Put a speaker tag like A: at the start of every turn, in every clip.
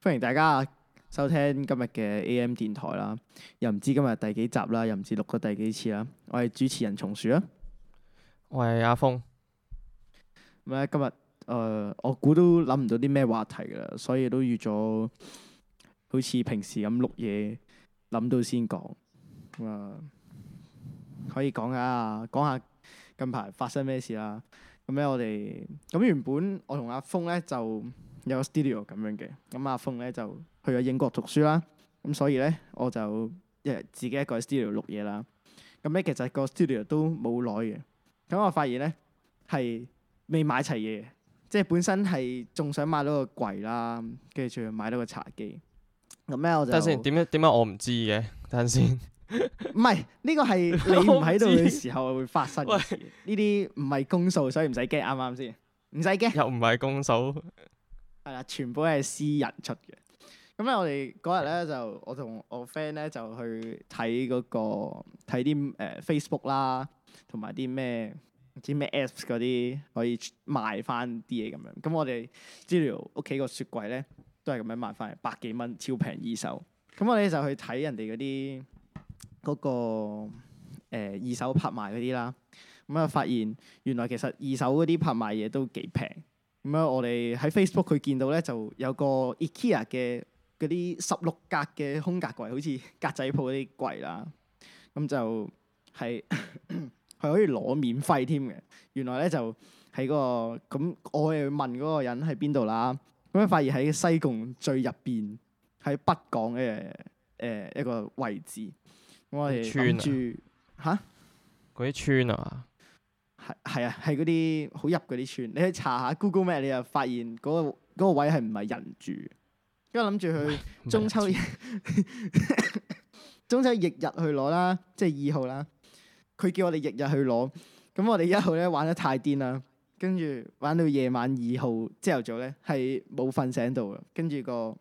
A: 歡迎大家收聽今日嘅 AM 電台啦，又唔知今日第幾集啦，又唔知錄咗第幾次啦。我係主持人松鼠啊、
B: 呃，我係阿峰。
A: 咁咧今日，誒，我估都諗唔到啲咩話題㗎啦，所以都預咗好似平時咁錄嘢，諗到先講。咁、嗯、啊，可以講下，講下近排發生咩事啦。咁咧我哋咁原本我同阿峰咧就。有個 studio 咁樣嘅，咁阿鋒咧就去咗英國讀書啦，咁所以咧我就即係自己一個喺 studio 錄嘢啦。咁咧其實個 studio 都冇耐嘅，咁我發現咧係未買齊嘢，即係本身係仲想買到個櫃啦，跟住仲要買到個茶幾。咁咧我就等先，
B: 點點解我唔知嘅？等先，
A: 唔係呢個係你唔喺度嘅時候會發生嘅事，呢啲唔係公數，所以唔使驚。啱啱先，唔使驚。又唔係公數。係啦，全部都係私人出嘅。咁咧，我哋嗰日咧就我同我 friend 咧就去睇嗰、嗰個睇啲誒 Facebook 啦，同埋啲咩唔知咩 Apps 嗰啲可以賣翻啲嘢咁樣。咁我哋知了屋企個雪櫃咧都係咁樣賣翻百幾蚊，超平二手。咁我哋就去睇人哋嗰啲嗰個、呃、二手拍賣嗰啲啦。咁啊發現原來其實二手嗰啲拍賣嘢都幾平。咁樣、嗯、我哋喺 Facebook 佢見到咧，就有個 IKEA 嘅嗰啲十六格嘅空格櫃，好似格仔鋪嗰啲櫃啦。咁就係係 可以攞免費添嘅。原來咧就喺、係、嗰、嗰個咁，我又要問嗰個人喺邊度啦。咁樣發現喺西貢最入邊，喺北港嘅誒一個位置。我哋諗住嚇？
B: 啲村啊！哈
A: 係啊，係嗰啲好入嗰啲村，你去查下 Google Map，你又發現嗰、嗰個嗰個位係唔係人住。因為諗住去中秋， 中秋翌日去攞啦，即係二號啦。佢叫我哋翌日去攞，咁我哋一號咧玩得太癲啦，跟住玩到夜晚二號朝頭早咧係冇瞓醒到啦，跟住個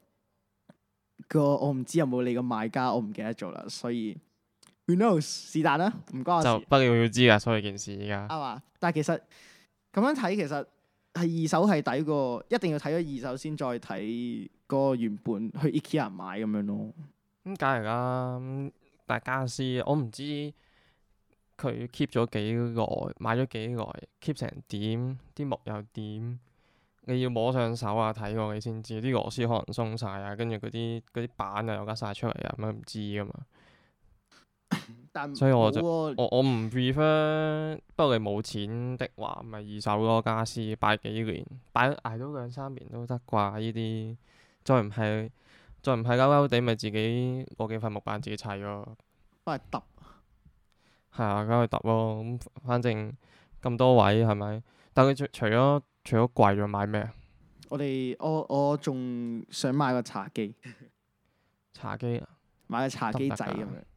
A: 個我唔知有冇理個賣家，我唔記得咗啦，所以。You know 是但啦，唔關就
B: 不料要知啊，所以件事依家、嗯。
A: 但係其實咁樣睇，其實係二手係抵過，一定要睇咗二手先再睇嗰個原本去 IKEA 買咁樣咯。咁
B: 梗係啦，但傢俬。我唔知佢 keep 咗幾耐，買咗幾耐，keep 成點，啲木又點？你要摸上手啊，睇過你先知。啲螺絲可能鬆晒啊，跟住嗰啲嗰啲板又有甩晒出嚟啊，咁唔知噶嘛。
A: 啊、所以我就
B: 我我唔 prefer，不過 re 你冇錢的話，咪二手咯，家私百幾年，擺挨到兩三年都得啩呢啲。再唔係再唔係，勾勾地咪自己攞幾塊木板自己砌咯。都係揼。係啊，梗係揼咯。咁、啊、反正咁多位係咪？但佢除咗除咗貴，仲買咩啊？
A: 我哋我我仲想買個茶幾。 茶几啊！買個茶幾仔咁樣。啊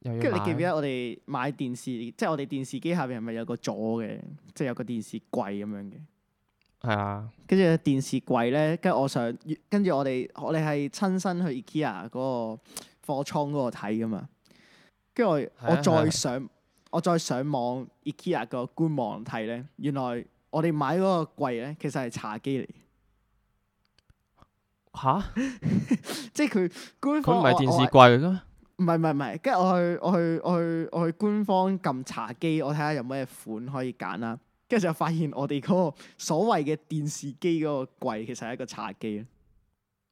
A: 跟住你記唔記得我哋買電視，即係我哋電視機下邊係咪有個座嘅，即係有個電視櫃咁樣嘅？係啊。跟住電視櫃咧，跟住我上，跟住我哋，我哋係親身去 IKEA 嗰個貨倉嗰度睇噶嘛。跟住我，再上，啊、我再上網 IKEA 個官網睇咧，原來我哋買嗰個櫃咧，其實係茶几嚟。
B: 吓哈？
A: 即係佢官方佢唔係電視櫃噶。唔係唔係唔係，跟住我去我去我去我去，我去官方撳茶幾，我睇下有咩款可以揀啦。跟住就發現我哋嗰個所謂嘅電視機嗰個櫃其實係一個茶几啊！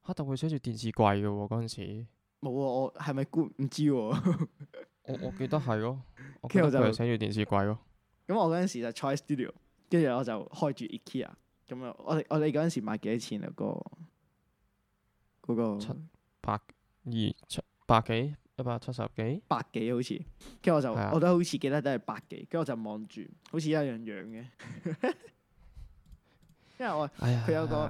B: 嚇，但會寫住電視櫃嘅喎嗰陣時。
A: 冇啊！我係咪官唔知喎、啊？ 我我記得係咯、哦，我記得我就寫
B: 住電視櫃咯。
A: 咁我嗰陣時就 Choice Studio，跟住我就開住 IKEA 咁樣。我我哋嗰陣時買幾多錢啊？嗰個嗰、嗰個七
B: 百二七百幾？一百七十
A: 幾，百幾好似，跟住我就，的我都好似記得都係百幾。跟住我就望住，好似一樣樣嘅， 因為我佢、哎、呀有個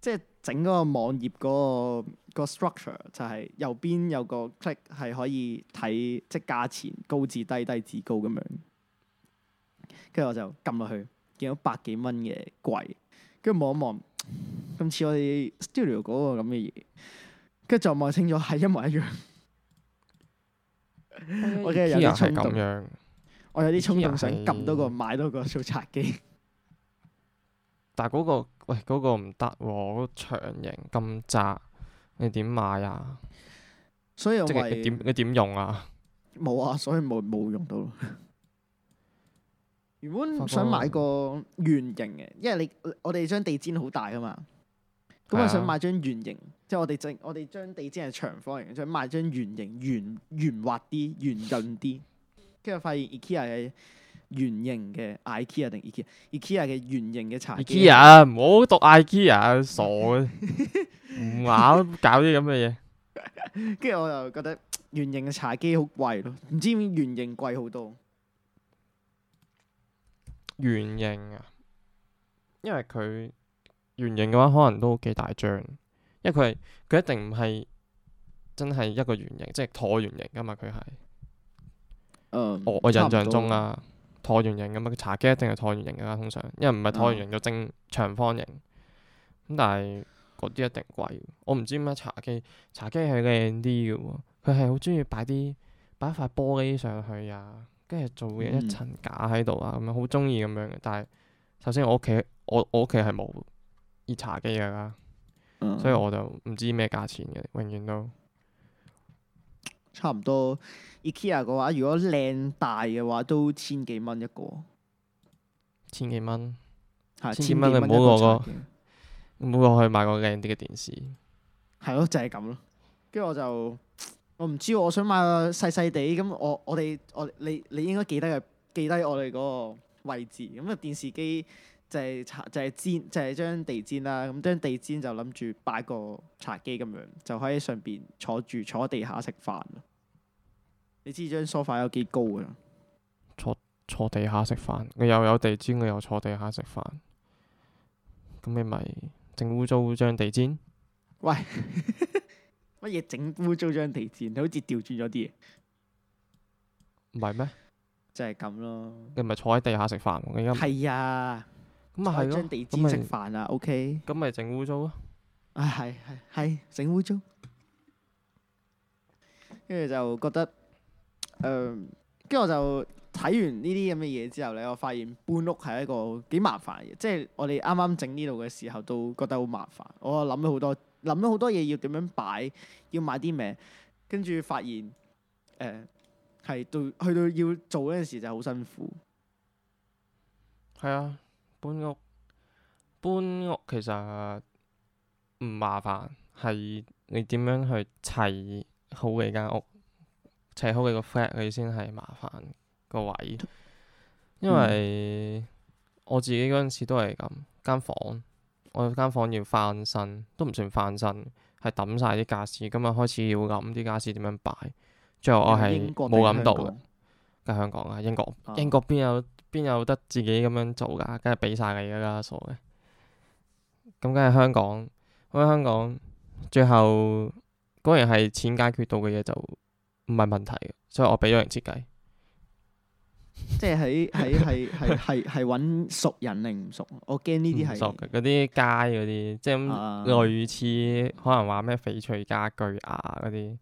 A: 即係、就是、整嗰個網頁嗰個個 structure 就係右邊有個 click 係可以睇即係價錢高至低，低至高咁樣。跟住我就撳落去，見到百幾蚊嘅櫃，跟住望一望咁似我哋 studio 嗰個咁嘅嘢，跟住再望清楚，係一模一樣。我真係有啲衝動，咁樣，我有啲衝動想撳多個 買多
B: 個做茶幾。但係、嗰、嗰個喂嗰、嗰個唔得喎，嗰個長形咁窄，你點買啊？所以我話你點
A: 用啊？冇啊，所以冇冇用到。 原本想買個圓形嘅，因為你我哋張地氈好大噶嘛，
B: 咁我、啊、想買
A: 張圓形。即係我哋正，我哋張地毯係長方形，想買張圓形圓、圓圓滑啲、圓潤啲。跟住 發現 IKEA 嘅圓形嘅 IKEA 定 IKEA，IKEA 嘅圓形嘅茶幾。
B: IKEA 唔好讀 IKEA，傻嘅，唔玩 搞啲咁嘅嘢。跟
A: 住 我就覺得圓形嘅茶几好貴咯，唔知點圓形貴好多。
B: 圓形啊，
A: 因
B: 為佢圓形嘅話可能都幾大張。即係佢係佢一定唔係真係一個圓形，即係橢圓形噶嘛？佢係，uh, 我我印象中啊，橢圓形噶嘛？個茶几一定係橢圓形噶啦，通常，因為唔係橢圓形就、uh。正長方形。咁但係嗰啲一定貴，我唔知點解茶几茶几係靚啲噶喎，佢係好中意擺啲擺塊玻璃上去啊，跟住做一層架喺度啊，咁、嗯、樣好中意咁樣，但係首先我屋企我我屋企係冇熱茶機噶啦。所以我就唔知咩價錢嘅，永遠都
A: 差唔多。IKEA 嘅話，如果靚大嘅話，都千幾蚊一個。
B: 千幾蚊？嗯、千幾多蚊？你唔好落個，唔好落去買個靚啲嘅電視。
A: 係咯，就係咁咯。跟住我就，我唔知，我想買個細細地。咁我我哋我你你應該記得，嘅，記低我哋嗰個位置。咁啊電視機。就係、是、擦，就係、是、粘，就係、是、將地粘啦。咁將地粘就諗住擺個茶幾咁樣，就喺上順坐住坐地下食飯。你知張梳 o 有幾高嘅？
B: 坐坐地下食飯，你又有地粘，你又坐地下食飯。咁你咪整污糟污地粘？喂，
A: 乜嘢整污糟污地粘？你好似調轉咗啲嘢。
B: 唔係咩？
A: 就係咁
B: 咯。你唔係坐喺地下食飯？我
A: 而家啊。咁啊係咯，嗯、地食、嗯、OK，咁咪整污糟咯。啊係係係整污糟，跟住就覺得誒，跟、呃、住我就睇完呢啲咁嘅嘢之後咧，我發現搬屋係一個幾麻煩嘅嘢，即、就、係、是、我哋啱啱整呢度嘅時候都覺得好麻煩。我諗咗好多，諗咗好多嘢要點樣擺，要買啲咩，跟住發現誒係、呃、到去到要做嗰陣時就好辛苦。
B: 係啊。搬屋，搬屋其實唔、啊、麻煩，係你點樣去砌好你間屋，砌好你個 flat，你先係麻煩個位。因為我自己嗰陣時都係咁，間、嗯、房我間房要翻新，都唔算翻新，係抌晒啲傢俬，咁啊開始要諗啲傢俬點樣擺。最後我係冇諗到嘅。喺香港啊，英國，英國邊、啊、有？邊有得自己咁樣做噶？梗係俾晒你噶啦，傻嘅。咁梗係香港，喺香港最後果然係錢解決到嘅嘢，就唔係問題，所以我俾咗人設計。
A: 即係喺喺喺喺喺揾熟人定唔熟？我驚呢啲係熟
B: 嘅嗰啲街嗰啲，即係類似，可能話咩翡翠家具啊嗰啲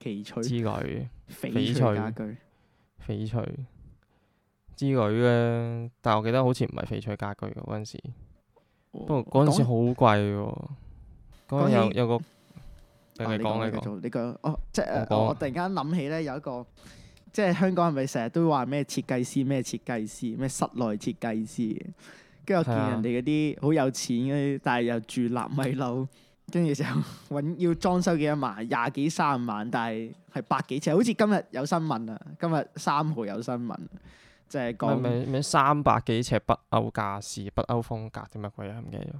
B: 之類，奇趣翡翠家具，翡翠。翡翠之類嘅，但係我記得好似唔係翡翠家具。嗰陣時，不過嗰陣時好貴喎。嗰陣有有有個你講你講，你
A: 講哦，即係我突然間諗起咧，有一個即係香港係咪成日都話咩設計師咩設計師咩室內設計師，跟住我見人哋嗰啲好有錢嗰 但係又住納米樓，跟住就揾要裝修幾多萬，廿幾三萬，但係係百幾尺。好似今日有新聞啊，今日三號有新聞。即係講咩
B: 咩三百幾尺北歐傢俬、北歐風格定乜鬼嘢唔記得咗？誒、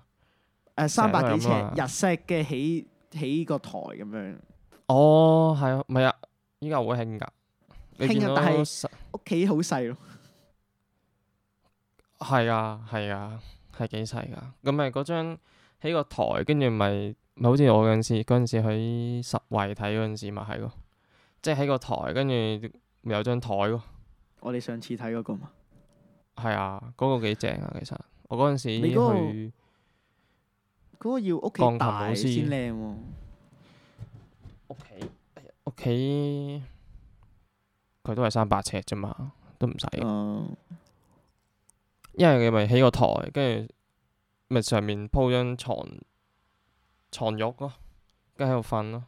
B: 啊、三百幾尺日
A: 式嘅起起個台咁樣。
B: 哦，係啊，唔係啊，依家好興噶。興到
A: 屋企好細咯。
B: 係啊，係啊，係幾細㗎？咁咪嗰張起個台，跟住咪咪好似我嗰陣時嗰陣時喺實惠睇嗰陣時咪係咯，即係起個台，跟住咪有張台喎。
A: 我哋上次睇嗰個嘛，
B: 係啊，嗰個幾正啊！其實我嗰陣時去鋼琴老師，
A: 嗰個要屋企大先靚喎。屋企，
B: 屋企佢都係三百尺啫嘛，都唔使。嗯、因為佢咪起個台，跟住咪上面鋪張床，床褥咯、啊，跟住喺度瞓咯，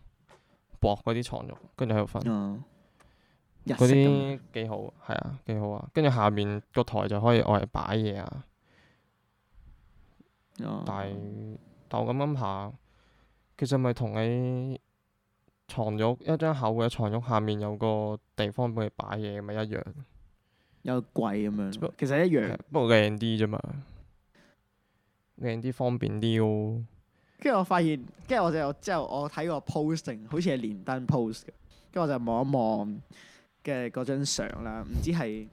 B: 薄嗰啲床褥，跟住喺度瞓。嗯嗰啲幾好，係啊，幾好啊！跟住下面個台就可以嚟擺嘢啊。但我咁樣爬，其實咪同你床褥，一張厚嘅床褥下面有個地方俾你擺嘢，咪一樣。
A: 有櫃咁樣。不其實一樣，不，不
B: 過靚啲啫嘛。靚啲方便啲咯、哦。跟
A: 住我發現，跟住我就之後我睇個 posting，好似係連登 post 跟住我就望一望。嘅嗰張相啦，唔知係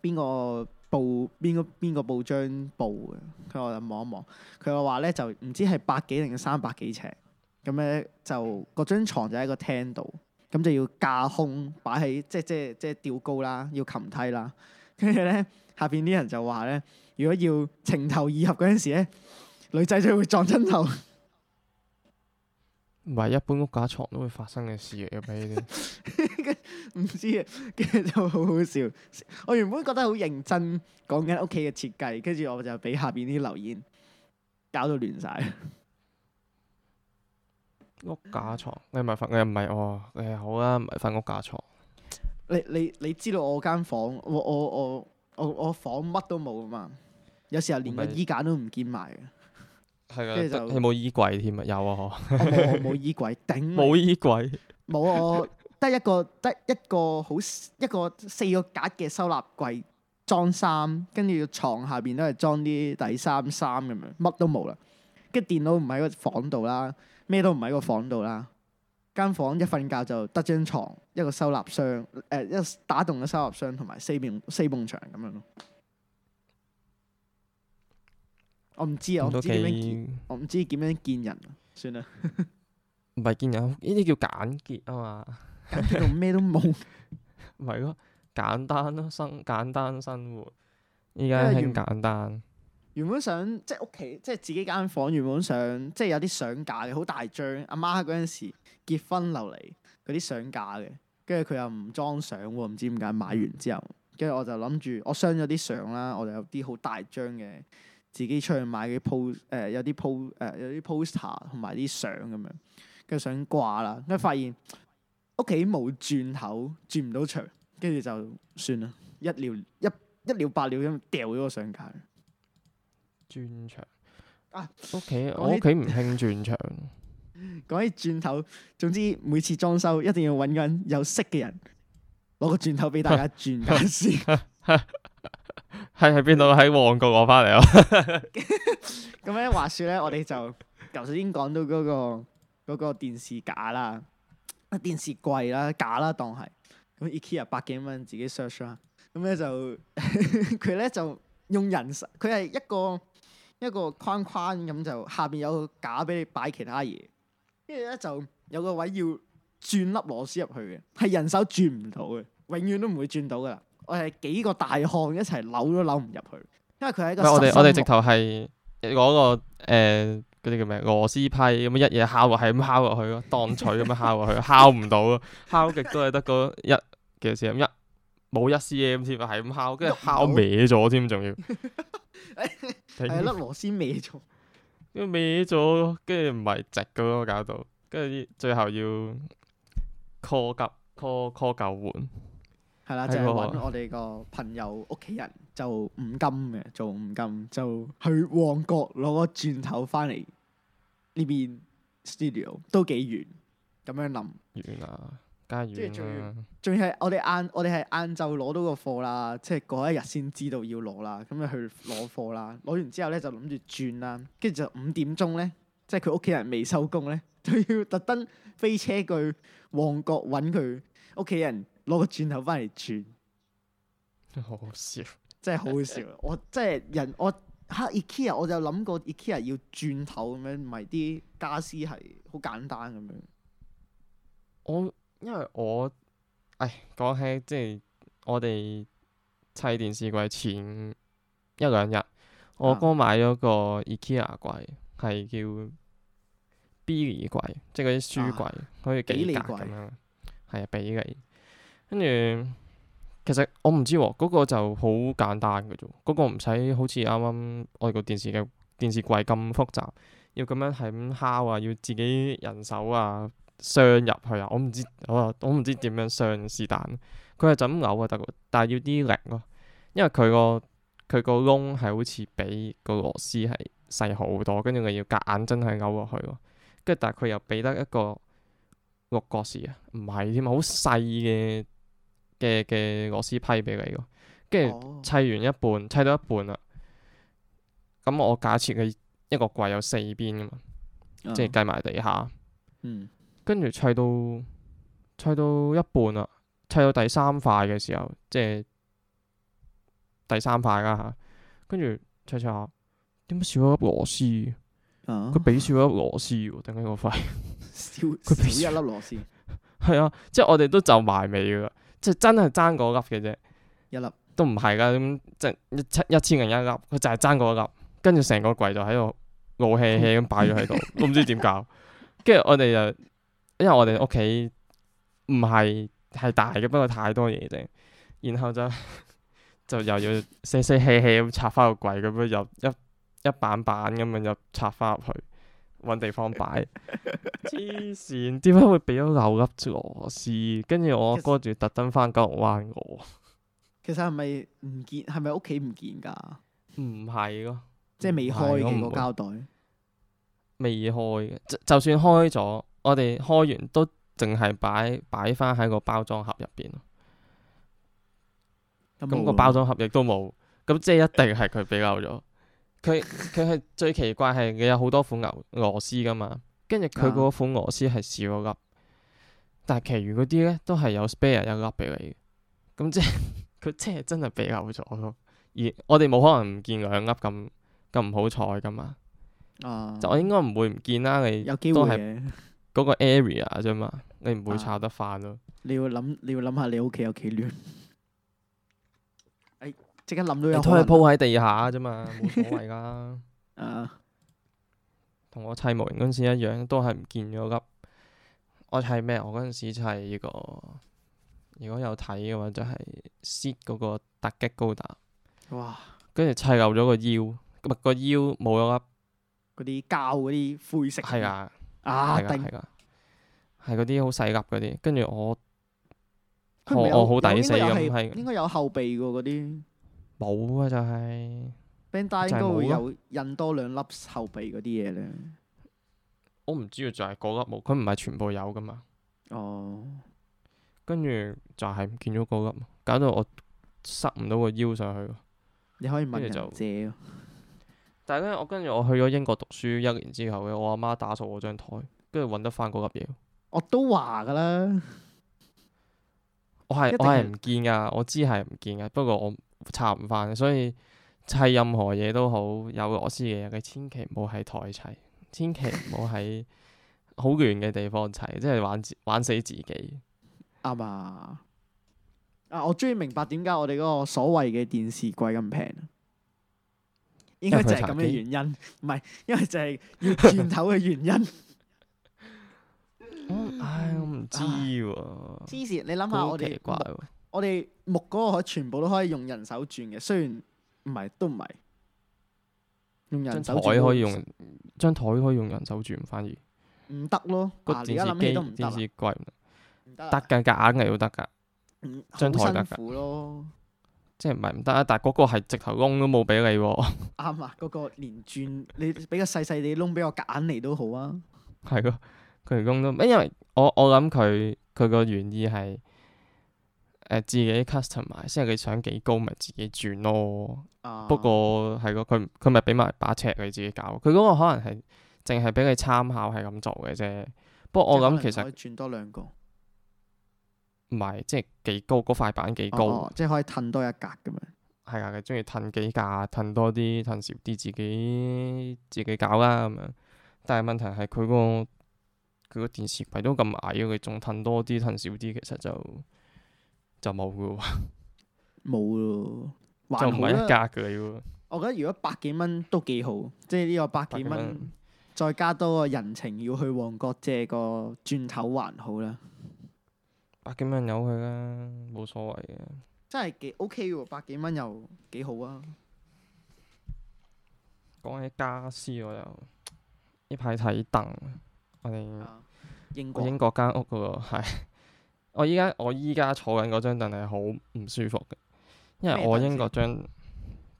A: 邊個，個報邊個邊個報張報嘅？佢我看看就望一望。佢話話咧，就唔知係百幾定係三百幾尺，咁咧就嗰張床就喺個廳度，咁就要架空擺喺即即即，即吊高啦，要擒梯啦。跟住咧下邊啲人就話咧，如果要情投意合嗰陣時咧，女仔就會撞親頭。
B: 唔係一般屋架床都會發生嘅事啊！俾你
A: 哋唔知啊，跟住就好好笑。我原本覺得好認真講緊屋企嘅設計，跟住我就俾下邊啲留言搞到亂晒。屋
B: 架床，你咪唔瞓，我唔係我，誒好啦，唔係瞓屋架床。
A: 你你你知道我間房，我我我我我房乜都冇噶嘛，有時候連個衣架都唔見埋嘅。
B: 係啊，跟住就你冇衣櫃添啊？有啊，嗬、 哦。冇
A: 衣櫃，頂。冇衣櫃，冇 我得一個得一個好一個四個格嘅收納櫃裝衫，跟住床下邊都係裝啲底衫衫咁樣，乜都冇啦。跟住電腦唔喺個房度啦，咩都唔喺個房度啦。房間房一瞓覺就得張床，一個收納箱，誒、呃、一打洞嘅收納箱同埋四面四埲牆咁樣咯。我唔知啊，我唔知點樣見，我唔知點樣見人。算啦，
B: 唔係 見人，呢
A: 啲叫簡潔啊嘛。簡潔到咩都
B: 冇。唔係咯，簡單咯，啊，生簡單生活。
A: 依家興簡單原。原本想即係屋企，即係自己間房，原本想即係有啲相架嘅，好大張。阿媽嗰陣時結婚留嚟嗰啲相架嘅，跟住佢又唔裝相喎，唔知點解買完之後，跟住我就諗住我晒咗啲相啦，我就有啲好大張嘅。自己出去買嘅 po 誒有啲 po 誒有啲 poster 同埋啲相咁樣，跟住想掛啦，跟住發現屋企冇轉頭，轉唔到牆，跟住就算啦，一了一一了百了咁掉咗個相架。轉牆場啊！屋企 Okay, 起我屋企唔
B: 興轉牆。
A: 講 起轉頭，總之每次裝修一定要揾個人有識嘅人，攞個轉頭俾大家轉緊先。
B: 喺喺邊度？喺旺角我翻嚟咯。
A: 咁咧，話說咧，我哋就頭先講到嗰個嗰個電視架電視啦，電視櫃啦，架啦當係咁。IKEA 百幾蚊自己 search 啦。咁咧就佢咧 就用人手，佢係一個一個框框咁就下邊有個架俾你擺其他嘢。跟住咧就有個位要轉粒螺絲入去嘅，係人手轉唔到嘅，永遠都唔會轉到噶啦。我係幾個大漢一齊扭都扭唔入去，因為佢喺度。我哋我哋直頭
B: 係嗰個誒嗰啲叫咩螺絲批咁樣一嘢敲落，係咁敲落去咯，當錘咁樣敲落去， 敲唔到咯，敲極都係得個一幾多 cm，一冇一 cm 添，係咁敲，跟住敲歪咗添，仲要
A: 係甩螺絲歪咗，跟
B: 住歪咗，跟住唔係直嘅咯，我搞到跟住最後要 call 急 call call 救援。
A: 係啦、啊，就係、是、揾我哋個朋友屋企人，就五金嘅做五金，就去旺角攞個鑽頭返嚟呢邊 studio，都幾遠咁樣諗。遠啊，加遠啦！即係仲要，仲要係我哋晏，我哋係晏晝攞到個貨啦，即係嗰一日先知道要攞啦，咁就去攞貨啦。攞完之後咧就諗住轉啦，跟住就五點鐘咧，即係佢屋企人未收工咧，就要特登飛車去旺角揾佢屋企人。攞個轉頭翻嚟轉，
B: 好 好笑，真係好好笑我。
A: 我即係人，我哈 IKEA，我就諗過 IKEA 要轉頭咁樣，唔係啲家私係好簡單咁樣。
B: 我因為我唉講起即係我哋砌電視櫃前一兩日，我哥買咗個 IKEA 櫃，係、啊、叫 Billy 櫃，即係嗰啲書櫃，啊、可以幾格咁樣，係啊，比利。跟住，其實我唔知喎、啊，嗰、嗰個就好簡單嘅啫。嗰、嗰個唔使好似啱啱我哋個電視嘅電視櫃咁複雜，要咁樣係咁敲啊，要自己人手啊，鑲入去啊。我唔知，我我唔知點樣鑲是但。佢係就咁拗就得，但係要啲力咯，因為佢個佢個窿係好似比個螺絲係細好多，跟住佢要夾硬真係去拗落去。跟住但係佢又俾得一個六角匙啊，唔係添，好細嘅。嘅嘅螺絲批俾你咯，跟住砌完一半，砌到一半啦。咁我假設佢一個櫃有四邊噶嘛，即係計埋地下。嗯，跟住砌到砌到一半啦，砌到第三塊嘅時候，即係第三塊啦吓。跟住砌砌下，點解少咗粒螺絲？啊，佢俾少咗粒螺絲喎，頂你個肺，
A: 佢俾一粒螺絲。
B: 係啊，即係我哋都就埋尾噶。即係真係爭嗰粒嘅啫，一粒都唔係噶咁，即係一千一千零一粒，佢就係爭嗰粒，跟住成個櫃就喺度傲氣氣咁擺咗喺度，都唔知點搞，跟住我哋又，因為我哋屋企唔係係大嘅，不過太多嘢啫，然後就 就又要死死氣氣咁拆翻個櫃，咁樣又一一板板咁樣又插翻入去。搵地方擺，
A: 黐線，點解
B: 會俾咗留粒螺絲？跟住我阿哥仲要特登翻九龍灣我。
A: 其實係咪唔見？係咪屋企唔見㗎？唔係咯，即係未開嘅個膠袋。
B: 未開嘅，就算開咗，我哋開完都淨係擺擺翻喺個包裝盒入邊。
A: 咁個包裝
B: 盒亦都冇，咁即係一定係佢俾漏咗。 佢佢係最奇怪係，佢有好多款牛螺絲噶嘛，跟住佢嗰款螺絲係少粒，但係其餘嗰啲咧都係有 spare 一粒俾你，咁即係佢即係真係俾漏咗咯。而我哋冇可能唔見兩粒咁咁唔好彩噶嘛。啊，就我應該唔會唔見啦，你有機會嘅嗰個 area 啫嘛，啊，你唔會炒得翻咯。
A: 你要諗你要諗下你屋企有幾亂。即刻諗到有，你拖去鋪
B: 喺地下啫嘛，冇所謂噶。同我砌模型嗰陣時一樣，都係唔見咗粒。我砌咩？我嗰陣時砌呢個，如果有睇嘅話，就係 seed 嗰個突擊高達。哇！跟住砌漏咗個腰，唔係個腰冇咗粒，
A: 嗰啲膠嗰啲灰色。係噶，啊，係啊，
B: 係嗰啲好細粒嗰啲。跟住我，
A: 我好抵死咁，係應該有後備噶嗰啲。
B: 冇啊！就係、是、
A: band 大應該會有印多兩粒後備嗰啲嘢咧。
B: 我唔知啊，知就係嗰粒冇，佢唔係全部有噶嘛。
A: 哦，oh. 跟住
B: 就係唔見咗嗰粒，搞到我塞唔到個腰上去。你可以問借，但係咧，我跟住我去咗英國讀書一年之後咧，我阿媽打掃我張枱，跟住揾得返嗰粒嘢。我都話噶啦，我係我係唔見噶，我知係唔見噶，不過我。拆唔翻，所以砌任何嘢都好有螺絲嘅嘢，佢千祈唔好喺台砌，千祈唔好喺好亂嘅地方砌， 即係玩玩死自己。
A: 啱啊！啊，我終於明白點解我哋嗰個所謂嘅電視櫃咁平啦，應該就係咁嘅原因，唔係因， 因為就係要轉頭嘅原因。唉，我唔知喎、啊。黐線、啊，你諗下我哋奇怪、啊。嗯我哋木嗰個可全部都可以用人手轉嘅，雖然唔係都唔係用人手。張台可以用，
B: 張台可以用人手轉，反而唔
A: 得咯。個電視機、電視
B: 櫃得嘅，夾硬嚟都得噶，張台得噶。好辛苦咯，即係唔係唔得啊？但係嗰個係直頭窿都冇俾你喎。
A: 啱啊，嗰個連轉你俾個細細地窿俾我夾硬嚟都好啊。
B: 係咯，佢窿都，因為我我諗佢佢個原意係。誒、呃、自己 custom 埋，即係你想幾高，咪自己轉咯。啊、不過係個佢佢咪俾埋把尺，佢自己搞。佢嗰個可能係淨係俾佢參考係咁做嘅啫。不過我諗其實可可
A: 以轉多兩個，
B: 唔係即係幾高嗰塊板幾高，哦哦即係可以褪多一格咁樣。係啊，佢中意褪幾格，褪多啲，褪少啲自己自己搞啦咁樣。但係問題係佢個佢個電視櫃都咁矮，佢仲褪多啲，褪少啲，其實就～就冇噶喎，冇咯好，就唔係一家噶喎。
A: 我覺得如果百幾蚊都幾好，即係呢個百幾蚊再加多個人情要去旺角借個鑽頭，還好啦、OK。百幾蚊由佢啦，
B: 冇所謂嘅。
A: 真係幾 OK 喎，百幾蚊又幾好啊！講起傢俬，我又
B: 呢排睇凳，我哋、啊、英，英國間屋嘅喎，係。我依家我依家坐緊嗰張凳係好唔舒服嘅，因為我英國張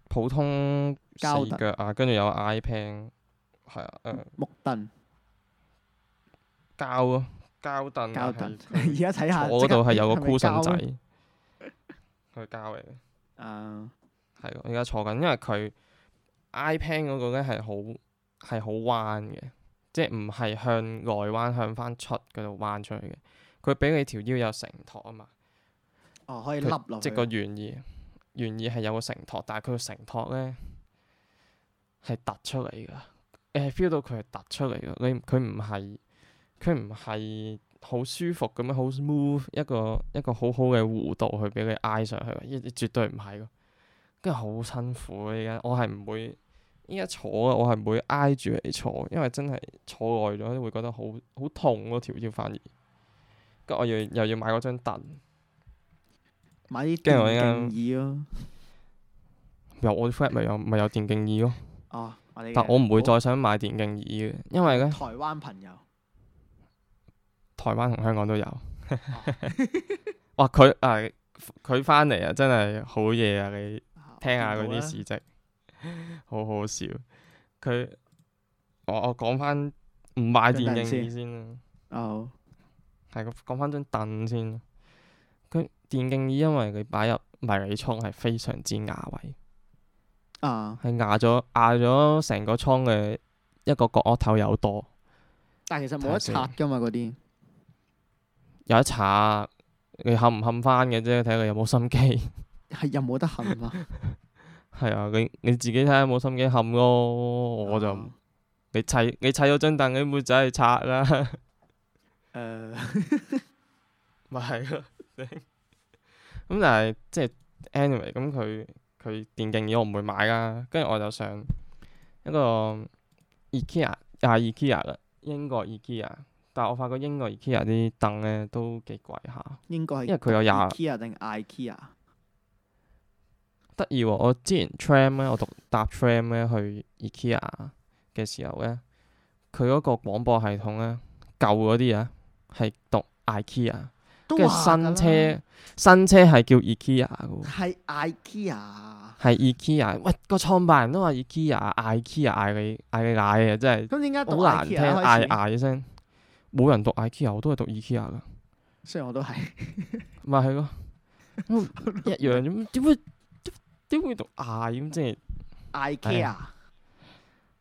B: 普通四腳啊，跟住有 iPad，係啊，木凳、膠咯、膠凳，而家睇下坐嗰度係有個 cushion 仔，佢膠嚟嘅，係咯，而家坐緊，因為佢 iPad 嗰個咧係好係好彎嘅。即係唔係向外彎，向翻出嗰度彎出去嘅。佢俾你條腰有承托啊嘛。
A: 哦，可以凹落它。即個
B: 懸疑，懸疑係有個承托，但係佢個承托咧係突出嚟㗎。你係 feel 到佢係突出嚟㗎。你佢唔係佢唔係好舒服咁樣，好 smooth 一個一個好好嘅弧度去俾你挨上去，一絕對唔係咯。跟住好辛苦啊！依家我係唔會。依家坐啊，我係唔會挨住嚟坐，因為真係坐耐咗會覺得好好痛個條腰，反而跟住我要又要買嗰張凳，
A: 買啲電競椅咯。我嗯、我
B: 有我啲 friend 咪有咪有電競椅咯、啊。哦、但我唔會再想買電競椅嘅，嗯、因為咧。
A: 台灣朋友，
B: 台灣同香港都有。 哇！佢啊，佢翻嚟啊，真係好嘢啊！你聽下佢啲事蹟。 好好笑，佢我我講翻唔買電競椅先啦。哦，係講翻張凳先。佢、哦啊、電競椅因為佢擺入迷你倉係非常之壓位，
A: 啊，
B: 係壓咗壓咗成個倉嘅一個角落頭有多。
A: 但係其實冇得拆噶嘛，嗰啲有
B: 得拆，你冚唔冚翻嘅啫，睇佢有冇心機。
A: 係又冇得冚啊！
B: 係啊，你你自己睇下冇心機冚咯，oh. 我就你砌你砌咗張凳，你唔會走去拆啦。誒、 uh, 咪係咯。咁但係即係 anyway，咁佢佢電競椅我唔會買啦。跟住我就上一個 IKEA，亞、啊、IKEA 啦，英國 IKEA。但我發覺英國 IKEA 啲凳咧都幾貴下。英國係 IKEA，因為佢有廿
A: IKEA 定 IKEA。
B: 得意喎！我、嗯、之前 tram 咧，我讀搭 tram 咧去 IKEA 嘅時候咧，佢嗰個廣播系統咧，舊嗰啲啊，係讀 IKEA，即係新車新車係叫 IKEA 嘅，
A: 係 IKEA，
B: 係 IKEA。喂，個創辦人都話 IKEA，IKEA，嗌你嗌你嗌嘅，真係咁點解好難聽嗌嗌嘅聲，冇人讀 IKEA，我都係讀 IKEA 噶，
A: 雖然我都係，
B: 咪係咯，一樣咁點會？嗯點會讀 I 咁即係 IKEA 啊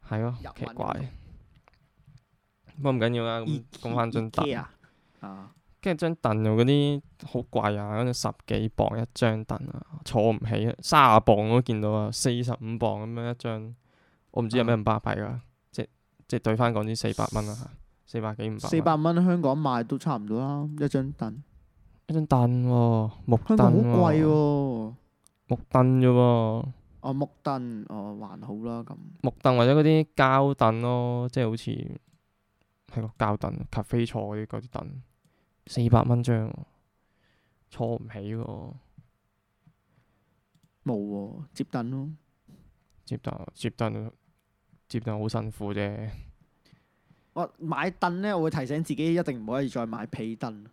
B: 係咯奇怪，不過唔緊要啦。咁講翻張凳，啊，跟住張凳又嗰啲好貴啊，嗰啲十幾磅一張凳啊，坐唔起啊，三十磅我都見到啊，四十五磅咁樣一張，我唔知有咩咁巴閉噶，即即兌翻港紙四百蚊啊，
A: 四百幾五百。四百蚊香港賣都差唔多啦，一張凳，一張凳喎，
B: 木凳好貴喎。木凳啫喎。
A: 哦，木凳，哦，還好啦咁。
B: 木凳或者嗰啲膠凳、哦、咯，即係好似係個膠凳，cafe 坐嗰啲嗰啲凳，四百蚊張，
A: 坐唔起喎。冇喎，折凳咯，
B: 折凳折凳，折凳好辛苦啫。
A: 我、哦、買凳咧，我會提醒自己一定唔可以再買皮凳。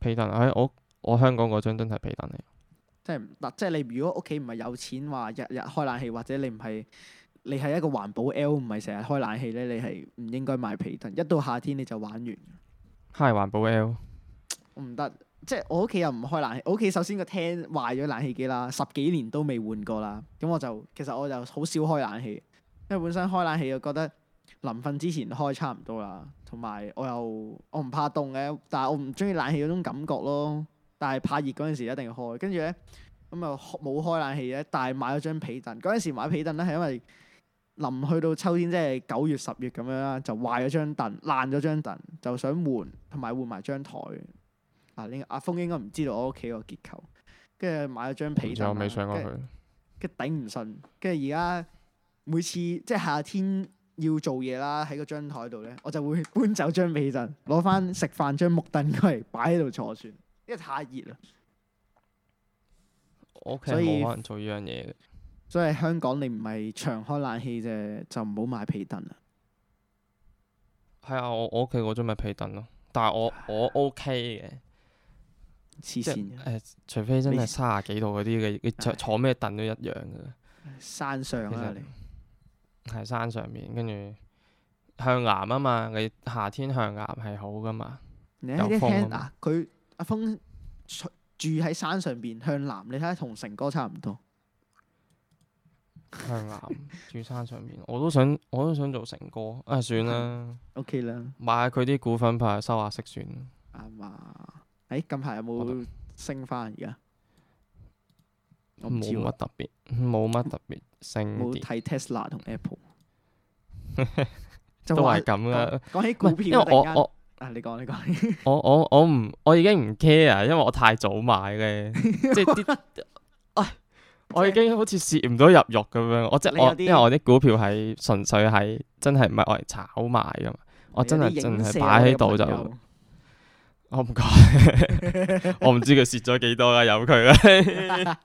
B: 皮凳，唉、哎，我我香港嗰張凳係皮凳嚟。
A: 即係唔得，即係你如果屋企唔係有錢話日日開冷氣，或者你唔係你係一個環保 L，唔係成日開冷氣咧，你係唔應該買皮櫈。一到夏天你就玩完。
B: Hi 環保 L。我
A: 唔得，即係我屋企又唔開冷氣。我屋企首先個廳壞咗冷氣機啦，十幾年都未換過啦。咁我就其實我就好少開冷氣，因為本身開冷氣又覺得臨瞓之前開差唔多啦。同埋我又我唔怕凍嘅，但係我唔中意冷氣嗰種感覺咯。但係怕熱嗰陣時一定要開，跟住咧咁啊冇開冷氣嘅。但係買咗張被凳，嗰陣時買被凳咧係因為臨去到秋天，即係九月十月咁樣啦，就壞咗張凳，爛咗張凳，就想換，同埋換埋張台。啊，呢阿峰應該唔知道我屋企個結構，跟住買咗張被仲有未上過去。跟住頂唔順，跟住而家每次即係夏天要做嘢啦，喺嗰張台度咧，我就會搬走張被凳，攞翻食飯張木凳嚟擺喺度坐算。因為太熱啦！我屋企係冇可能做呢樣嘢嘅。所以，所以香港你唔係長開冷氣啫，就唔好買皮凳啦。
B: 係啊，我我屋企嗰張咪皮凳咯，但係我唉我 OK 嘅。黐線嘅。除非真係卅幾度嗰啲嘅，你坐咩凳唉都一樣嘅。
A: 山上啊，實
B: 你係山上面跟住向南啊嘛。你夏天向南係好噶嘛，
A: 有風阿峰住喺山上邊，向南。你睇下同成哥差唔多。向南住山上邊，我都想，
B: 我都想做成哥。哎 okay、了啊，算、
A: 哎、啦。O K 啦。
B: 買下佢啲股份牌，收下息算。阿媽，
A: 誒，近排有冇升翻而家？冇乜
B: 特別，冇乜特別升。冇睇
A: Tesla 同 Apple。
B: 都係咁啦。講起股票，因為我然我。我啊！你講你講，我我我唔，我已經唔 care 啊，因為我太早買咧， 即係啲，我、哎、是我已經好似蝕唔到入肉咁樣，我即係我，因為我啲股票係純粹係真係唔係愛嚟炒賣噶嘛，我真係真係擺喺度就，我
A: 唔該，我唔知
B: 佢蝕咗幾多啦，由佢啦，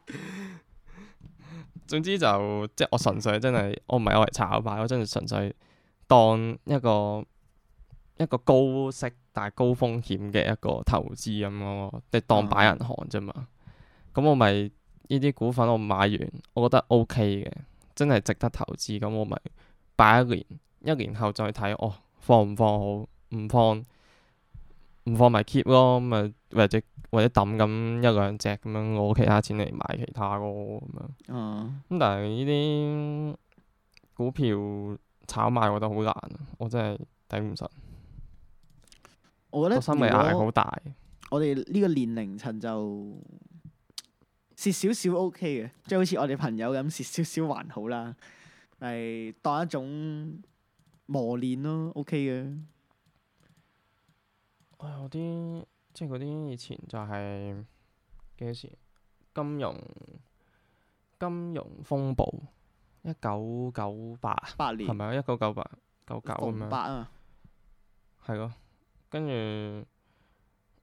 B: 總之就即係我純粹真係，我唔係愛嚟炒賣，我真係純粹當一個。一個高息但係高風險嘅一個投資咁咯，即係當擺銀行啫嘛。咁、嗯、我咪呢啲股份我買完，我覺得 O K 嘅，真係值得投資。咁我咪擺一年，一年後再睇哦，放唔放好？唔放唔放咪 keep 咯咁啊，或者或者抌咁一兩隻咁樣攞其他錢嚟買其他咯咁樣。嗯。咁但係呢啲股票炒賣，我覺得好難，我真係頂唔順。
A: 我覺得心理壓力好大。我哋呢個年齡層就蝕少少 OK 嘅，即係好似我哋朋友咁蝕少少還好啦，係當一種磨練咯，OK 嘅。誒，嗰啲即係嗰啲以前就係
B: 幾多時？金融金融風暴一九九八啊，係咪啊？一九九八九九咁樣。九八啊，係咯。跟住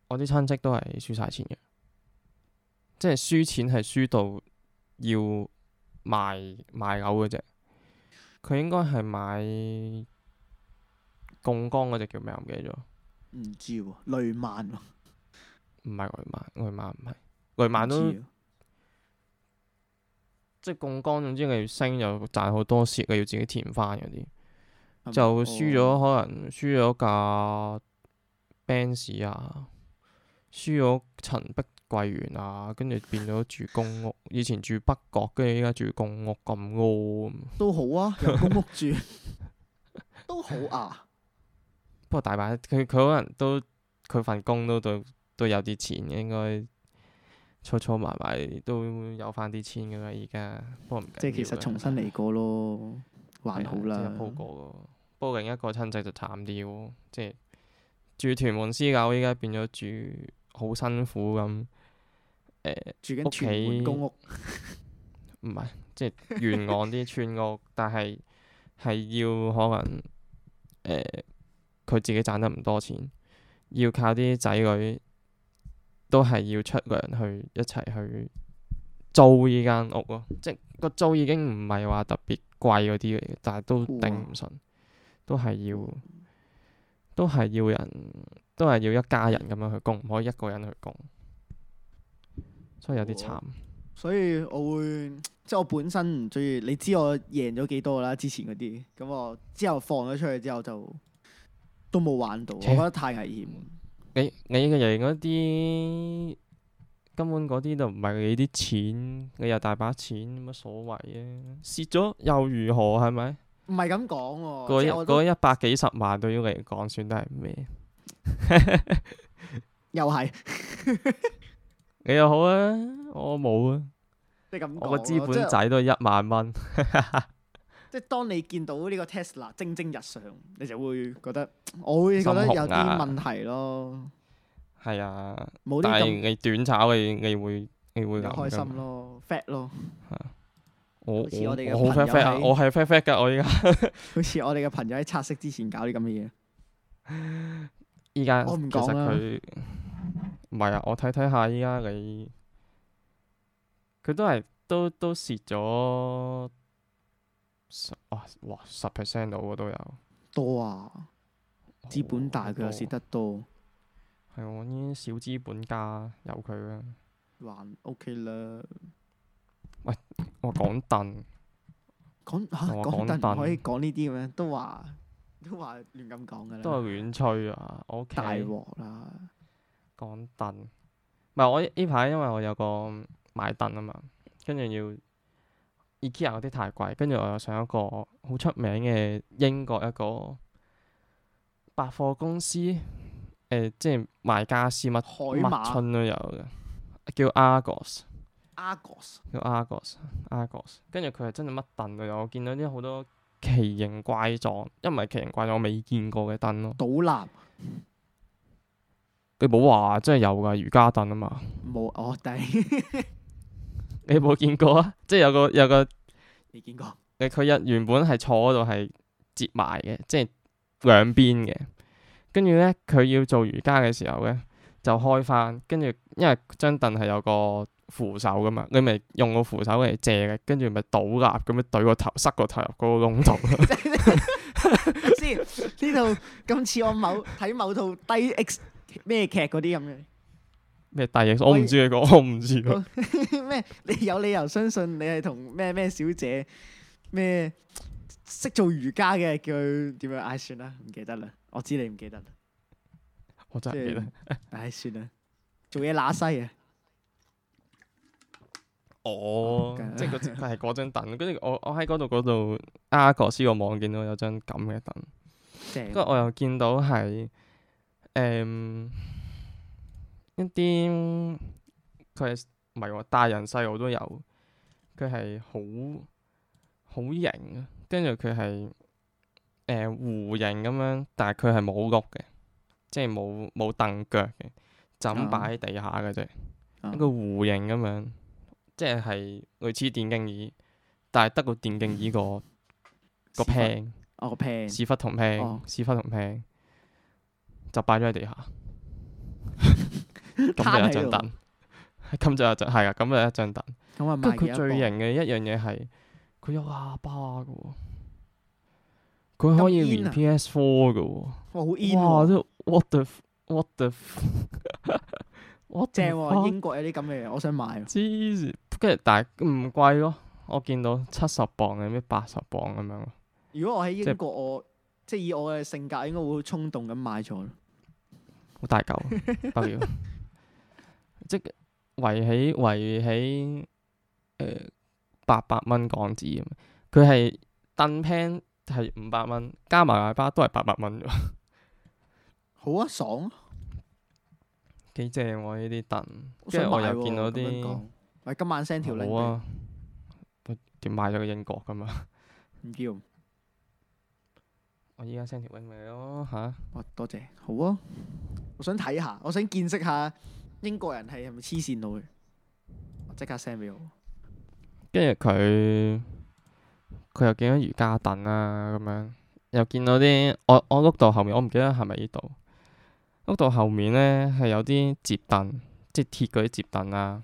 B: 我啲親戚都係輸晒錢嘅，即係輸錢係輸到要賣賣樓嗰隻，佢應該係買槓桿嗰隻叫咩啊？唔記得咗。
A: 唔知喎，雷曼唔、啊、
B: 係雷曼，雷曼唔係，雷曼、啊、都即係槓桿。總之佢升又賺好多，蝕佢要自己填翻嗰啲，嗯、就輸咗我可能輸咗架。fans 啊，輸咗陳碧桂園啊，跟住變咗住公屋。以前住北角，跟住依家住公屋、啊，咁屙都好啊，有公屋
A: 住 都好啊。
B: 不過大伯，佢佢可能都佢份工都都都有啲錢，應該儲儲埋埋都有翻啲錢噶嘛。依家不過唔緊要，即係其實重新嚟
A: 過咯，還好啦。鋪過嘅，
B: 不過另一個親仔就慘啲喎，即係。住屯門私樓，依家變咗住好辛苦咁。誒、呃，住緊屯門公屋，唔係裡 即係沿岸啲村屋，但係係要可能誒，佢、呃、自己賺得唔多錢，要靠啲仔女都係要出糧去一齊去租依間屋咯。即係個租已經唔係話特別貴嗰啲嘅，但係都頂唔順，哇都係要。都係要人，都係要一家人咁樣去供，唔可以一個人去供，所以有啲慘、哦。
A: 所以我會，即係我本身唔中意，你知我贏咗幾多啦，之前嗰啲，咁我之後放咗出去之後就都冇玩到，呃、我覺得太危險。
B: 你你嘅贏嗰啲根本嗰啲就唔係你啲錢，你又大把錢，乜所謂啊？蝕咗又如何，係咪？
A: 唔係咁講喎，嗰一一
B: 百幾十萬對於我嚟講，算得係咩？又 係你又好啊，我冇啊，即係咁講，我個資本仔都係一萬蚊。
A: 即係當你見到呢個 Tesla 蒸蒸日上，你就會覺得，我會覺得有啲問題咯。
B: 係啊，啊但係你短炒你，你會你會你會開心
A: 咯，fat、嗯、咯，咯。
B: 我好我我係啡啡噶，我依家
A: 好似我哋嘅朋友喺測色之前搞啲咁嘅嘢。
B: 依家我唔覺得佢，唔係啊，我睇睇下依家你，佢都係都都蝕咗十哇哇十 percent 到嘅都有。多啊，資本大佢又蝕得多。係我呢啲小資本家有佢啦。
A: 還 OK 啦。
B: 喂，我講凳，講 啊講凳可以
A: 講呢啲嘅咩？都話都話亂咁講嘅咧，都係
B: 亂吹啊！我屋企大鑊啦，講凳，唔係我呢排，因為我有個買凳啊嘛，跟住要 IKEA 嗰啲太貴，跟住我又上一個好出名嘅英國一個百貨公司，誒、呃、即係賣傢俬乜乜馬春都有嘅，叫 Argos。Argos 叫 Argos，Argos，跟住佢係真係乜凳都有。我見到啲好多奇形怪狀，一唔係奇形怪狀，我未見過嘅凳咯。倒立南你冇話真係有㗎瑜伽凳啊嘛？
A: 冇我頂
B: 你冇見過啊？即係有個有個你見過。佢日原本係坐嗰度係折埋嘅，即係兩邊嘅。跟住咧，佢要做瑜伽嘅時候咧，就開翻。跟住因為張凳係有個。扶手噶嘛，你咪用個扶手嚟借嘅，跟住咪倒立咁樣懟個頭塞個頭入嗰個窿度。先
A: 呢度，今次我冇睇某套低 X 咩劇嗰啲咁嘅
B: 咩低 X，我唔知你講我，我唔知。
A: 咩？你有理由相信你係同咩咩小姐咩識做瑜伽嘅，叫佢點樣？唉、哎，算啦，唔記得啦，我知你唔記得啦。我真係唔記得唉、 哎，算啦，做嘢乸西啊！
B: 哦，我啊、即係佢係嗰張凳，跟住 我我喺嗰度嗰度 Argos 個網，見到有張咁嘅凳，跟住、啊、我又見到係誒、嗯、一啲佢係唔係大人細路都有，佢係好好型，跟住佢係誒弧形咁樣，但係佢係冇碌嘅，即係冇冇凳腳嘅，就咁擺喺地下嘅啫，哦、一個弧形咁樣。.即係類似電競椅，但係得、個電競椅個個平，哦個平，屎忽同平，屎忽同平，就擺咗喺地下，咁就一張凳，咁就一張係啊，咁就一張凳。佢最型嘅一樣嘢係，佢有喇
A: 叭㗎喎，
B: 佢可以連 PS4 㗎喎，哇，好 easy 煙啊，都 what the what the what 正喎、啊？ 英國有啲咁嘅嘢，我想買。跟住，大，唔貴咯。我見到七十磅定咩八十磅咁樣。
A: 如果我喺英國，即我即係以我嘅性格，應該會好衝動咁買咗咯。
B: 好大嚿，不要 即係圍起圍起誒八百蚊港紙。佢係凳 pan 係五百蚊，加埋禮包都係八百蚊。
A: 好啊，爽
B: 幾正喎！呢啲凳，跟住我又見到啲。
A: 喂，今晚 send 條 link
B: 俾我。點買咗個英國噶嘛？
A: 唔知喎。我依家 send 條 link 俾你咯吓。哇！多謝，好啊。我想睇下，我想見識下英國人係係咪黐線佬嘅。即刻 send 俾我。
B: 跟住佢，佢又見到瑜伽凳啊，咁樣又見到啲我我碌到後面，我唔記得係咪呢度碌到後面咧，係有啲折凳，即係鐵嗰啲折凳啊。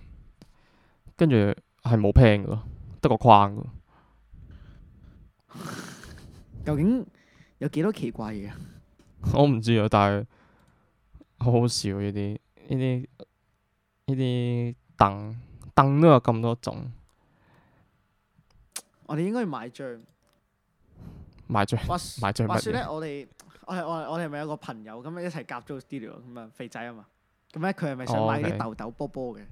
B: 跟住係冇 plan 嘅咯，得個框。
A: 究竟有幾多奇怪嘢？
B: 我唔知啊，知但係好好笑呢啲呢啲呢啲凳，凳都有咁多種。
A: 我哋應該要買張，
B: 買張著，塞買張。話說
A: 咧，我哋我係我我哋咪有個朋友咁樣一齊夾咗個 studio 咁啊，肥仔啊嘛。咁咧佢係
B: 咪想買啲豆
A: 豆波波嘅？Okay.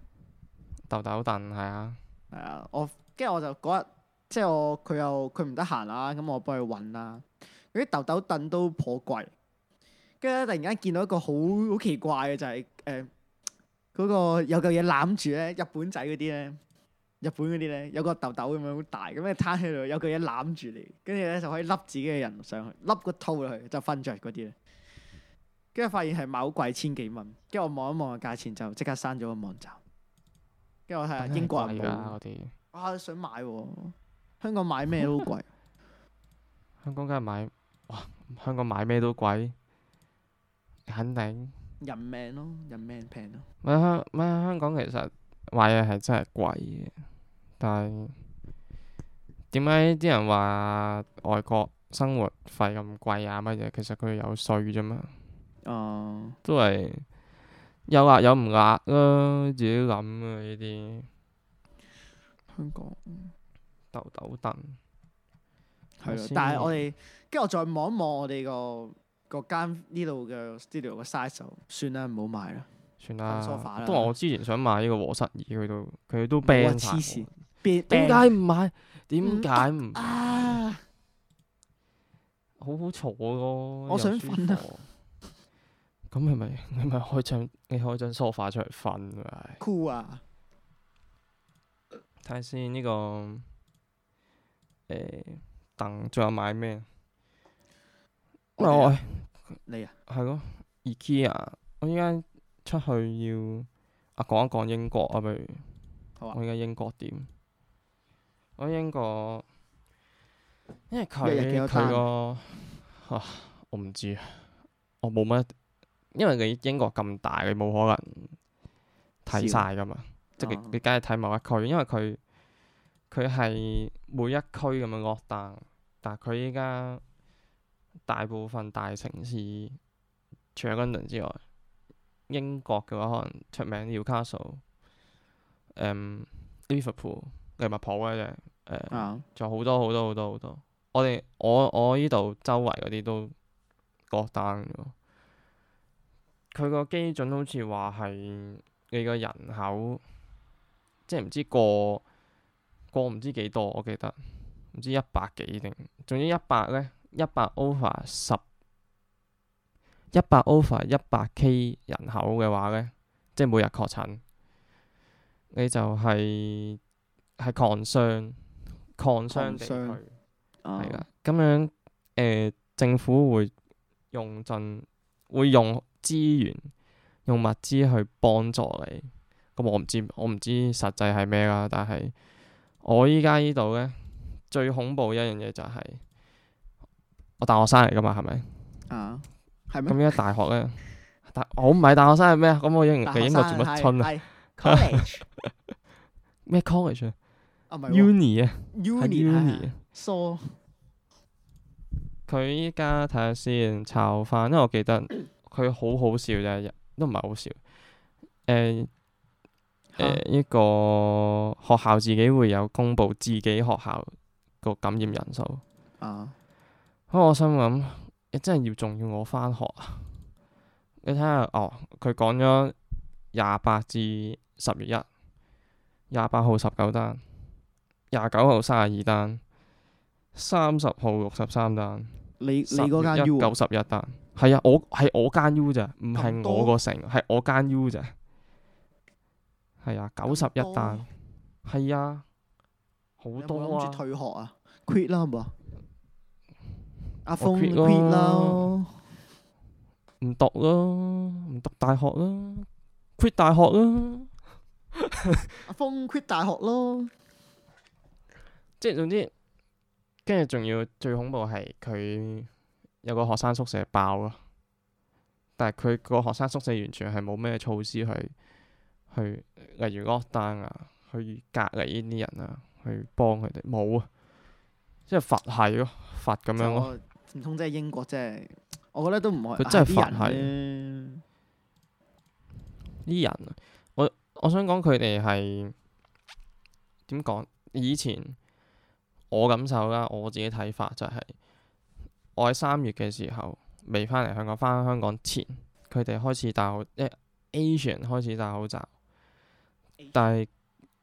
B: 豆豆凳係啊，係啊、 嗯，我跟
A: 住我就嗰日即係我佢又佢唔得閒啦，咁我幫佢揾啦。嗰啲豆豆凳都頗貴，跟住咧突然間見到一個好好奇怪嘅就係誒嗰個有嚿嘢攬住咧，日本仔嗰啲咧，日本嗰啲咧有個豆豆咁樣好大，咁佢攤喺度有嚿嘢攬住你，跟住咧就可以笠自己嘅人上去，笠個套落去就瞓著嗰啲咧。跟住發現係賣好貴，千幾蚊。跟住我看看望一望個價錢，就即刻刪咗個網站。跟住我係英國人，嗰啲啊想買喎，香港買咩都
B: 貴。香港梗係買，哇！香港買咩都貴，肯定。
A: 人命咯，人命平咯、啊。
B: 咪香咪香港其實買嘢係真係貴嘅，但係點解啲人話外國生活費咁貴啊乜嘢？其實佢有稅啫嘛。都係。有辣有唔辣咯，自己諗啊呢啲。香港豆豆凳
A: 係啊。但係我哋跟住我再望一望我哋、這個、這個間呢度嘅 studio 嘅 size 算，算了啦，唔好買啦。算啦。梳化啦。都話我
B: 之前想買呢個和室椅，佢都佢都病晒。我黐線！點解唔買？點解唔
A: 買？
B: 好好坐咯、啊，我想瞓啊！ 咁係咪？你咪開張，你開張梳化出嚟瞓啊 Cool 啊！睇下先呢個誒，凳、欸、仲有買咩？嗱、哦，我麼你啊，係咯，IKEA。Kea, 我依家出去要啊，講一講英國啊，不如好啊？我依家英國點？我英國因為佢佢他、那個啊，我唔知啊，我冇乜。因為你英國咁大，你冇可能睇晒㗎嘛， 即係你梗係睇某一區，因為佢佢係每一區咁樣落單，但係佢依家大部分大城市，除咗 London 之外，英國嘅話可能出名 Newcastle，誒、嗯、Liverpool 利物浦嘅啫，仲、嗯嗯、有好多好多好多好多，多，我哋我我呢度周圍嗰啲都落單咗。佢個基準好似話係你個人口，即係唔知過過唔知幾多，我記得唔知一百幾定。總之一百咧，一百 over 十，一百 over 一百 k 人口嘅話咧，即係每日確診，你就係係擴商擴商地區係㗎。咁樣誒、呃，政府會用盡會用，資源用物資去幫助你，咁、嗯、我唔知我唔知實際係咩啦。但係我依家呢度咧最恐怖一樣嘢就係、是、我大學生嚟噶嘛，係咪啊？係咩？咁依家大學咧，大我唔係大學生係咩啊？咁我英嘅英文做乜春啊 College
A: 咩 college 啊？uni 啊，uni 啊，so
B: 佢依家睇下先炒飯，因為我記得。 佢好好笑就係，都唔係好笑。誒、欸、誒、欸，呢個學校自己會有公布自己學校個感染人數。啊！我心諗你、欸、真係要仲要我翻學啊？你睇下，哦，佢講咗廿八至十月一，廿八號十九單，廿九號三十二單，三十號六十三單，十月一九十一單。係啊，我係我間 U 咋，唔係我個城，係我間 U 咋。係啊，九十一單。係啊，
A: 好、啊、多啊。諗住退學啊，quit 啦，係咪？阿鋒、啊、quit 啦，唔
B: 了讀咯，唔讀大學咯 quit, 啊、，quit 大學咯。
A: 阿鋒 quit 大學咯。
B: 即係總之，跟住仲要最恐怖係佢。有個學生宿舍爆咯，但係佢個學生宿舍完全係冇咩措施去去，例如 lock down 啊，去隔離呢啲人啊，去幫佢哋冇啊，即、就是、係佛係咯，佛咁樣咯。
A: 唔通即係英國即係？我覺得都唔係佢真係佛係
B: 啲人呢我。我我想講佢哋係點講？以前我感受啦，我自己睇法就係、是。我喺三月嘅時候未翻嚟香港，翻香港前佢哋開始戴口罩，即係 Asian 開始戴口罩，Asian. 但係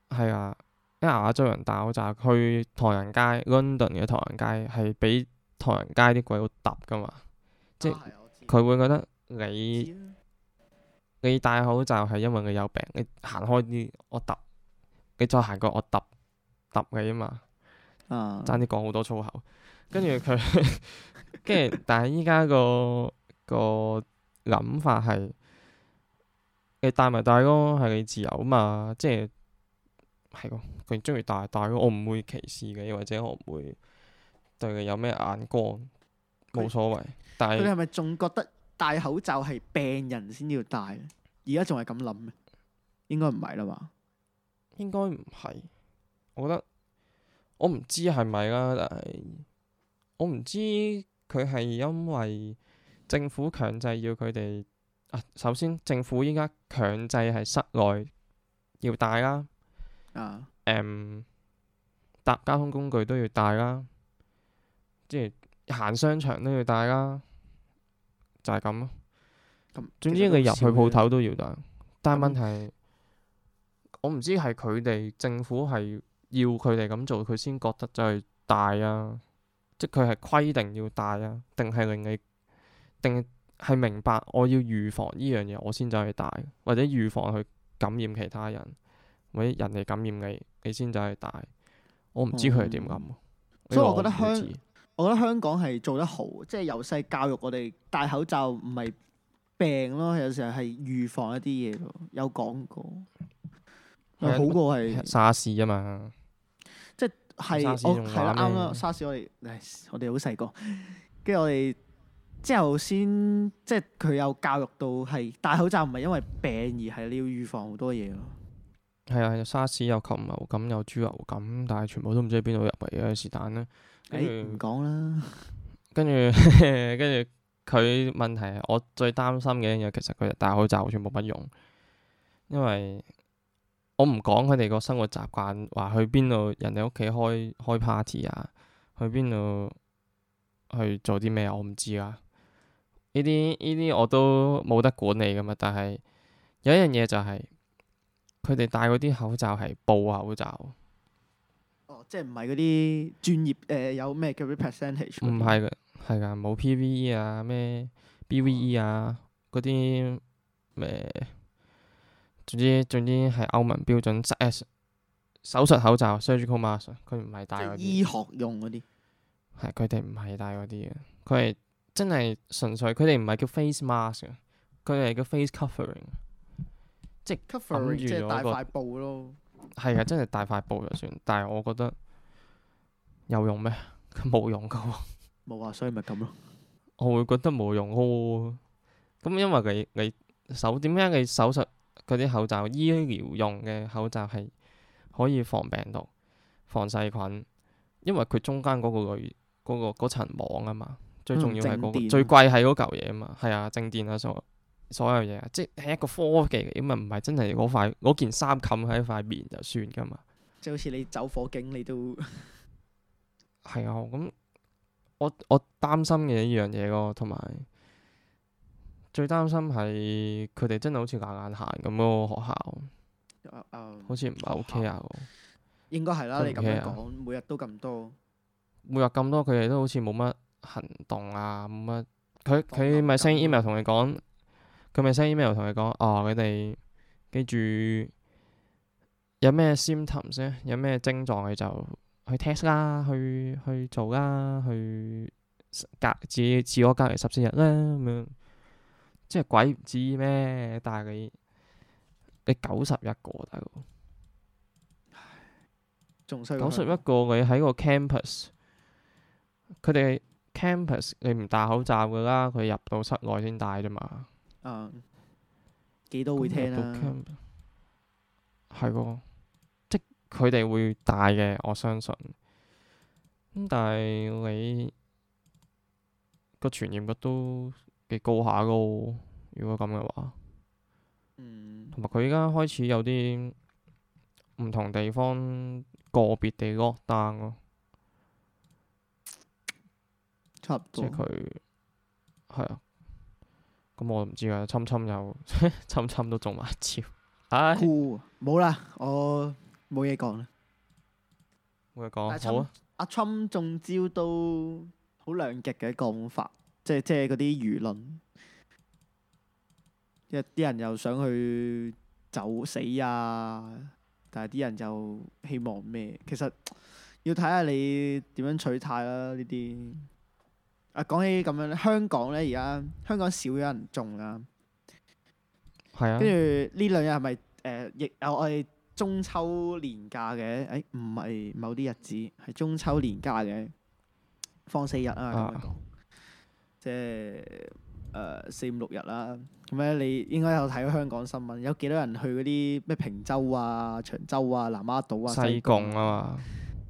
B: 係啊，因為亞洲人戴口罩去唐人街 London 嘅唐人街係俾唐人街啲鬼佬揼噶嘛，即係佢、Oh, yes, 會覺得你你戴口罩係因為你有病，你行開啲我揼，你再行過我揼揼你啊嘛，爭啲講好多粗口。跟住佢，跟住，但係依家個 個諗法係你戴咪戴咯，係你自由啊嘛！即係係個佢中意戴戴咯，我唔會歧視嘅，亦或者我唔會對佢有咩眼光，冇所謂。對 但係佢哋係
A: 咪仲覺得戴口罩係病人先要戴？而家仲係咁諗？應該唔係啦嘛，
B: 應該唔係。我覺得我唔知係咪啦，但係。我唔知佢係因為政府強制要佢哋啊。首先，政府依家強制係室內要戴啦，啊，誒、啊，um, 搭交通工具都要戴啦，啊，即係行商場都要戴啦，啊，就係咁咯。嗯、總之，你入去鋪頭都要戴，嗯、但係問題我唔知係佢哋政府係要佢哋咁做，佢先覺得就係戴啊。即佢係規定要戴啊，定係令你定係明白我要預防呢樣嘢，我先走去戴，或者預防佢感染其他人，或者人哋感染你，你先走去戴。我唔知佢係點咁，嗯、所以我覺得香，
A: 我覺得香港係做得好，即係由細教育我哋戴口罩唔係病咯，有時候係預防一啲嘢咯，有講過，嗯、好過係
B: 沙士啊嘛。
A: 係我係啦，啱啦。沙士我哋，誒，我哋好細個，跟住我哋之後先，即係佢有教育到係戴口罩唔係因為病而，而係你要預防好多嘢咯。
B: 係啊，係啊，沙士又禽流感又豬流感，但係全部都唔知喺邊度入嚟嘅，是但啦。誒，唔講啦。跟住跟住佢問題係，我最擔心嘅一樣嘢，其實佢戴口罩好似冇乜用，因為我唔講佢哋個生活習慣，話去邊度人哋屋企開開 party 啊，去邊度去做啲咩，我唔知啊。呢啲呢啲我都冇得管理㗎嘛。但係有一樣嘢就係佢哋戴嗰啲口罩係布口罩。
A: 哦，即係唔係嗰啲專業誒、呃、有咩叫做 percentage？唔
B: 係嘅，係㗎冇 PVE 啊，咩 BVE 啊，嗰啲咩？總之，總之係歐盟標準 S S 手術口罩 surgical mask，佢唔係戴嗰啲，即係醫學用嗰啲，係佢哋唔係戴嗰啲嘅，佢係真係純粹佢哋唔係叫 face mask 嘅，佢係叫 face covering，即
A: 係 covering，即係大塊布咯。係啊，
B: 真係大塊布就算，但係我覺得有用咩？佢冇用噶，
A: 冇 啊，所以咪咁咯。
B: 我會覺得冇用哦，咁因為你你手點解你手術？嗰啲口罩，醫療用嘅口罩係可以防病毒、防細菌，因為佢中間嗰、嗰個屢嗰、嗰個嗰、嗰個、層網啊嘛。最重要係嗰、嗰個嗯、最貴係嗰嚿嘢啊嘛，係啊，靜電啊，所所有嘢啊，即係一個科技嘅，因為唔係真係嗰塊嗰件衫冚喺塊面就算噶嘛。即
A: 係好似你走火警，你都
B: 係 啊。咁我我擔心嘅一樣嘢咯，同埋。最擔心係佢哋真係好似懶懶閒咁個學校，
A: 嗯、
B: 好似唔係 O K 啊。應該係啦，你咁樣講，
A: 每日都咁多，
B: 每日咁多，佢哋都好似冇乜行動啊，冇乜佢佢咪 send email 同你講，佢咪，嗯、send email 同你講，嗯、哦。你哋記住有咩 symptoms 咧，有咩症狀，你就去 test 啦，去去做啦，去隔自自我隔離十四日啦，咁樣。即係鬼唔知咩？但係你你九十一個大佬，九十一個你喺個 campus，佢哋 campus 你唔戴口罩㗎啦，佢入到室內先戴咋嘛。
A: 嗯，幾多會聽啦、啊？
B: 係喎，即佢哋會戴嘅，我相信。咁但係你個傳染率都～高下咯，如果咁嘅話，嗯，同埋佢依家開始有啲唔同地方個別地 lockdown 咯，差唔
A: 多。即係佢
B: 係啊，咁我唔知啊，侵侵又侵侵都中埋一招。
A: 唉固，冇啦 Hi，我冇嘢講啦，冇嘢講，好啊。阿侵中招都好兩極嘅講法。即係即係嗰啲輿論，一啲人又想去走死啊，但係啲人又希望咩？其實要睇下你點樣取態啦。呢啲啊講起咁樣，香港咧而家香港少咗人種啦，
B: 係啊，跟住
A: 呢兩日係咪誒？亦有我哋中秋年假嘅誒，唔，哎，唔係某啲日子係中秋年假嘅，放四日啊。即係誒四五六日啦，咁咧你應該有睇香港新聞，有幾多人去嗰啲咩平洲啊、長洲啊、南丫島啊、西貢啊嘛？啊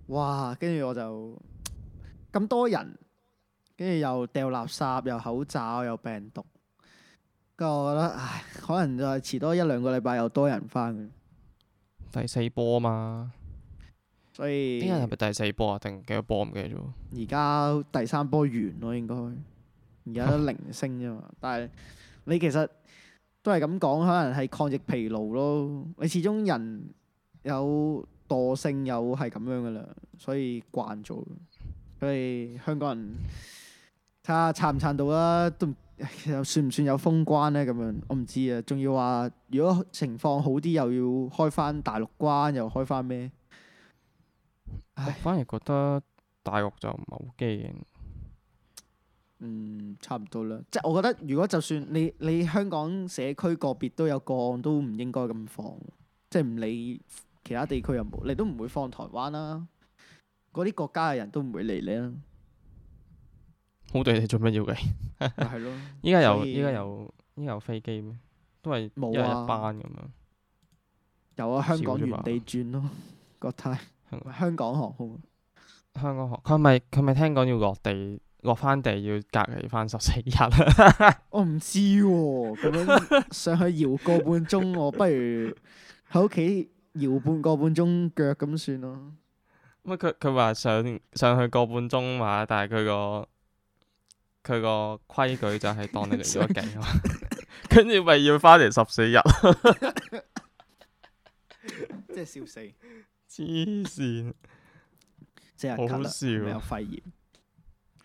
A: 哇！跟住我就咁多人，跟住又掉垃圾，又口罩，又病毒，跟住我覺得唉，可能就係遲多一兩個禮拜又多人翻第
B: 四波嘛，
A: 所以聽日係
B: 咪第四波啊？定幾多波唔記得咗？
A: 而家第三波完咯，應該。而家都零星啫嘛，但係你其實都係咁講，可能係抗疫疲勞咯。你始終人有惰性，又係咁樣噶啦，所以慣咗。所以香港人睇下撐唔撐到啦，都其實算唔算有封關咧？咁樣我唔知啊。仲要話如果情況好啲，又要開返大陸關，又開返咩？
B: 我反而覺得大陸就唔係好驚。
A: 嗯，差唔多啦。即係我覺得，如果就算你你香港社區個別都有個案，都唔應該咁放。即係唔理其他地區有冇，你都唔會放台灣啦。嗰啲國家嘅人都唔會理你啦。
B: 好地地做乜要嘅？係 咯。依家有依家以有依家有，有飛機咩？都係冇啊，一班咁樣，啊。
A: 有啊，香港原地轉咯，國泰。 香港航空。
B: 香港航空佢咪佢咪聽講要落地？落翻地要隔離翻十四日，
A: 我唔知喎、啊，咁樣上去搖個半鐘， 我不如喺屋企搖半個半鐘腳咁算咯。
B: 乜佢佢話上上去個半鐘嘛，但係佢個佢個規矩就係當你嚟咗計，跟住咪要翻嚟十四日。
A: 即係笑死。
B: 黐線，好笑啊、即日咳笑。有肺炎。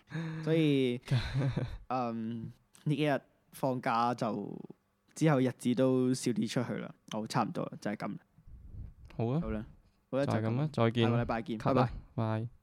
A: 所以，嗯，呢幾日放假就之後日子都少啲出去啦。好、哦，差唔多啦，就係、是、
B: 咁好啊吧，好啦吧，就係咁啦，再見，下個禮拜見，拜拜拜。